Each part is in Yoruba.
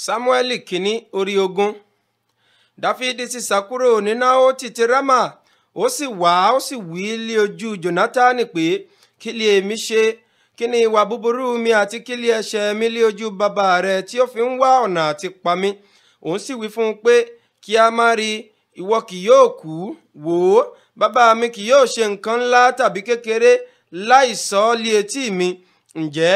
samueli kini orí ogun dáfídì ti sakuro kúrò ní náótì ti rámà ó sì wá ó sì wí lé ojú jónátánì pé kí lè mi ṣe ni ìwà búburú mi àti kí lè mi lé ojú bàbá rẹ tí ó fi ń wá ọ̀nà àti pa mí òun sì wí fún un a má rí ìwọ kì yóò kú wò ó bàbá mi kì yóò ṣe nǹkan ńlá tàbí kékeré láì sọ ọ́ mi ǹjẹ́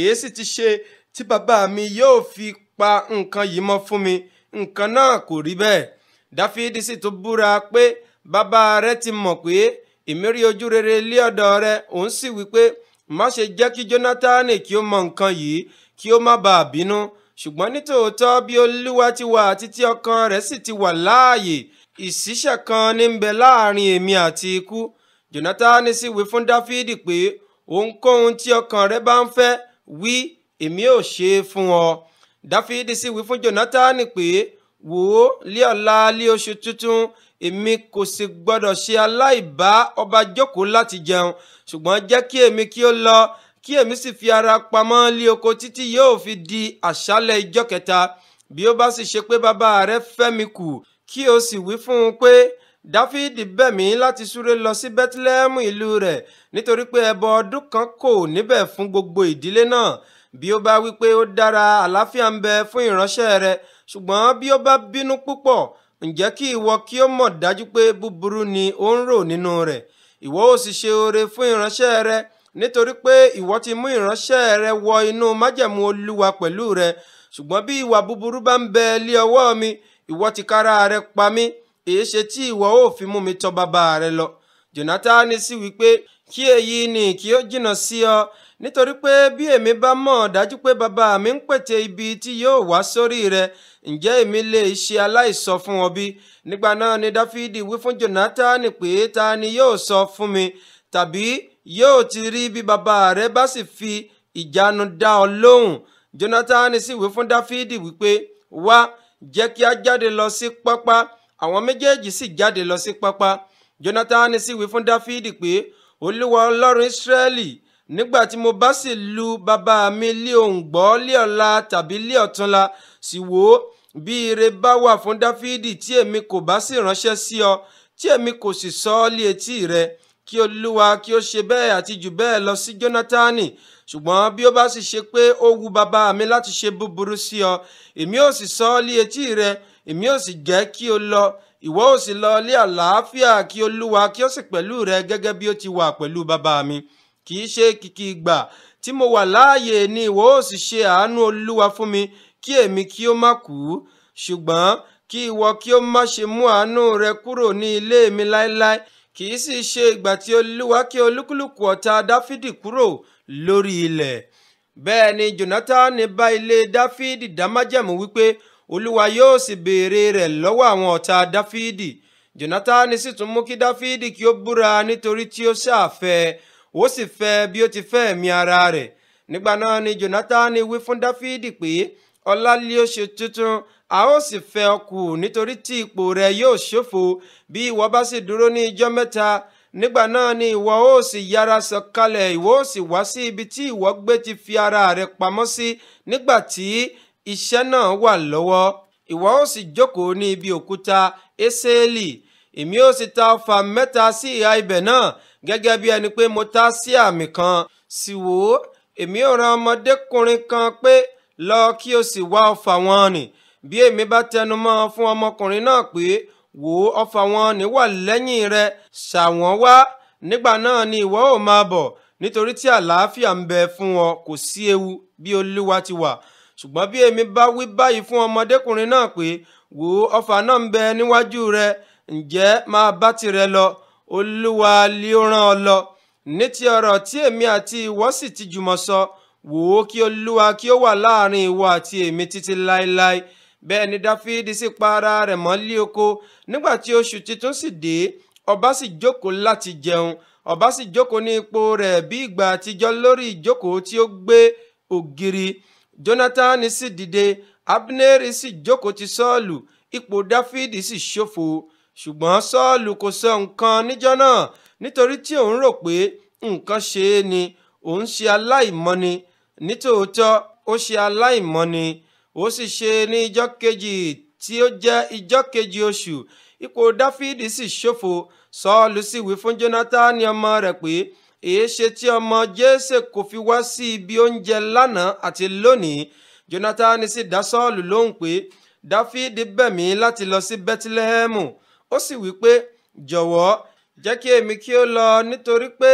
èyí sì ti ṣe tí bàbá mi yóò fi pa nǹkan yìí mọ́ fún mi nǹkan náà kò rí bẹ́ẹ̀ dáfídì sì tún búra pé bàbá rẹ ti mọ̀ pé ìmírí ojú rere lé ọ̀dọ̀ rẹ òun sì wípé má ṣe jẹ́ kí jónátánì kí ó mọ nǹkan yìí kí ó má bàa bínú ṣùgbọ́n nítòótọ́ bí olúwa ti wà àti tí ọkàn rẹ̀ sì ti wà láàyè ìṣísẹ̀ kan ní ń bẹ láàrin èmi àti ikú jónátánì sì wí fún dáfídì pé ohunkóhun tí ọkàn rẹ bá ń fẹ́ wí èmi ò ṣe é fún ọ dáfídì sì wí fún jónátánì pé wò ó lé ọ̀la lé oṣù tuntun èmi kò sì gbọdọ̀ ṣe aláìbá ọba jókòó láti jẹun ṣùgbọ́n jẹ́ kí èmi kí ó lọ kí èmi sì fi ara pamọ́ lé oko títí yóò fi di àṣálẹ̀ ijọ́ kẹta bí ó bá sì ṣe pé bàbá rẹ fẹ́ mi kù kí o sì wí fún un pé dáfídì bẹ̀ láti súré lọ sí bẹ́tílẹ́hẹ́mù ìlú rẹ̀ nítorí pé ẹbọ ọdún kan kò níbẹ̀ fún gbogbo ìdílé náà bí ó bá wípé ó dára àlàáfíà ń bẹ fún ìránṣẹ́ rẹ ṣùgbọ́n bí ó bá bínú púpọ̀ ǹjẹ́ kí ìwọ kí ó mọ̀ dájú pé búburú ni ó ń rò nínú rẹ̀ ìwọ ó sì ṣe oore fún ìránṣẹ́ rẹ nítorí pé ìwọ ti mú ìránṣẹ́ rẹ wọ inú májẹ̀mú olúwa pẹ̀lú rẹ ṣùgbọ́n bí ìwà búburú bá ń bẹ lé mi ìwọ ti kára rẹ pa mí tí ìwọ fi mú mi bàbá rẹ lọ kí èyí ni kí ó jìnnà sí ọ nítorí pé bí èmi bá mọ̀ dájú pé bàbá mi ń pète ibi tí yóò wá sórí rẹ ǹjẹ́ èmi lè ṣe aláìsọ fún ọ bí nígbà náà ni dáfídì wí fún jonathan pé ta ni yóò sọ fún mi tàbí yóò ti rí bí bàbá rẹ bá sì fi ìjánu dá ọ lóhùn jonathan sì wí fún dáfídì wípé wá jẹ́ kí a jáde lọ sí pápá àwọn méjèèjì sì jáde lọ sí pápá jonathan sì wí fún dáfídì pé olúwa ọlọ́run ísírẹ́lì nígbà tí mo bá sì lu bàbá mi lé òǹgbọ́ lé ọ̀la tàbí lé ọ̀túnla sì wò ó bí ire bá wà fún dáfídì tí èmi kò bá sì ránṣẹ́ sí ọ tí èmi kò sì sọ ọ́ lé etí rẹ kí olúwa kí ó ṣe bẹ́ẹ̀ àti jù bẹ́ẹ̀ lọ sí jónátánì ṣùgbọ́n bí ó bá sì ṣe pé ó wu bàbá mi láti ṣe búburú sí ọ èmi ò sì sọ ọ́ lé etí rẹ èmi ò sì jẹ́ kí o lọ ìwọ ó sì lọ ilé àlàáfíà kí olúwa kí ó sì pẹ̀lú rẹ gẹ́gẹ́ bí ó ti wà pẹ̀lú bàbá mi kì í ṣe kìkì ìgbà tí mo wà láàyè ni ìwọ ó sì ṣe àánú olúwa fún mi kí èmi kí ó má kú ṣùgbọ́n kí ìwọ kí ó má ṣe mú àánú rẹ kúrò ní ilé mi láéláé kì í sì ṣe ìgbà tí olúwa ké olúkúlùkù ọ̀tá dáfídì kúrò lórí ilẹ̀ bẹ́ẹ̀ ni jónátánì bá ilé dáfídì dá wípé olúwa yóò sì béèrè rẹ̀ lọ́wọ́ àwọn ọ̀tá dáfídì jonathan sì tún mú kí dáfídì kí ó búra nítorí tí ó ṣàfẹ́ ó sì fẹ́ bí ó ti fẹ́ ẹ̀mí ara rẹ̀ nígbà náà ni jonathan wí fún dáfídì pé ọlá lé ó ṣe tuntun a ó sì fẹ́ ọ kù nítorí tí ipò rẹ yóò ṣòfò bí ìwọ bá sì dúró ní ijọ́ mẹ́ta nígbà náà ni ìwọ ó sì yára sọ̀kalẹ̀ ìwọ ó sì wá sí ibi tí ìwọ gbé ti fi ara rẹ pamọ́ sí nígbà tí iṣẹ́ náà wà lọ́wọ́ ìwọ ó sì jókòó ní ibi òkúta Éséélì èmi ó sì ta ọfà mẹ́ta sí ìhà ibẹ̀ náà gẹ́gẹ́ bí ẹni pé mo ta sí àmì kan sì wò ó èmi ó rán ọmọdékùnrin kan pé lọ kí o sì wá ọfà wọn nì bí èmi bá tẹnu mọ́ fún ọmọkùnrin náà pé wò ó ọfà wọn nì wà lẹ́yìn rẹ ṣà wọ́n wá nígbà náà ni ìwọ ó máa bọ̀ nítorí tí àlàáfíà ń bẹ fún ọ kò sí ewu bí olúwa ti wà ṣùgbọ́n bí èmi bá wí báyìí fún ọmọdékùnrin náà pé wò ó ọfà náà ń bẹ níwájú rẹ ǹjẹ́ máa bá tirẹ̀ lọ olúwa lé ó rán ọ lọ ní ti ọ̀rọ̀ tí èmi àti ìwọ sì ti jùmọ̀ sọ wò ó kí olúwa kí ó wà láàrin ìwọ àti èmi títí láéláé bẹ́ẹ̀ ni dáfídì sì pa ara rẹ̀ mọ́lé oko nígbà tí oṣù titun sì dé ọba sì jókòó láti jẹun ọba sì jókòó ní ipò rẹ̀ bí ìgbà àtijọ́ lórí ìjókòó tí ó gbé ògiri jonathan sì dìde abner sì jókòó ti sọ́ọ̀lù ipò dáfídì sì ṣófo ṣùgbọ́n sọ́ọ̀lù kò sọ nǹkan níjọ́ náà nítorí tí òun rò pé nǹkan ṣe é ni òun ṣe aláìmọ́ni nítòótọ́ ó ṣe aláìmọ́ni ó sì ṣe ní ijọ́ kejì tí ó jẹ́ ijọ́ kejì oṣù ipò dáfídì sì ṣófo sọ́ọ̀lù sì wí fún jónátánì ọmọ rẹ̀ pé èéṣe tí ọmọ Jésè kò fi wá sí ibi oúnjẹ lánàá àti lónìí Jónátánì sì dá Sọ́ọ̀lù lóhùn pé Dáfídì bẹ̀ mí láti lọ sí Bẹ́tílẹ́hẹ́mù ó sì wí pé jọ̀wọ́ jẹ́ kí èmi kí ó lọ nítorí pé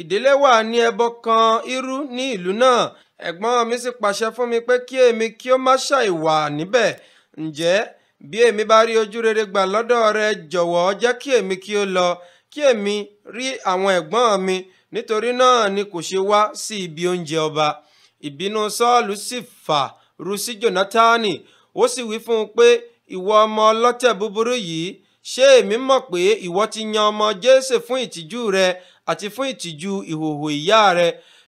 ìdílé wa ní ẹbọ kan irú ní ìlú náà ẹ̀gbọ́n mi sì pàṣẹ fún mi pé kí èmi kí ó má ṣàìwà níbẹ̀ ǹjẹ́ bí èmi bá rí ojú rere gbà lọ́dọ̀ rẹ jọ̀wọ́ jẹ́ kí èmi kí ó lọ kí èmi rí àwọn ẹ̀gbọ́n mi nítorí náà ni kò ṣe wá sí ibi oúnjẹ ọba ìbínú sọ́ọ̀lù sì fà ru sí jónátánì ó sì wí fún un pé ìwọ ọmọ ọlọ́tẹ̀ búburú yìí ṣé èmi mọ̀ pé ìwọ ti yan ọmọ jésè fún ìtìjú rẹ àti fún ìtìjú ìhòhò ìyá rẹ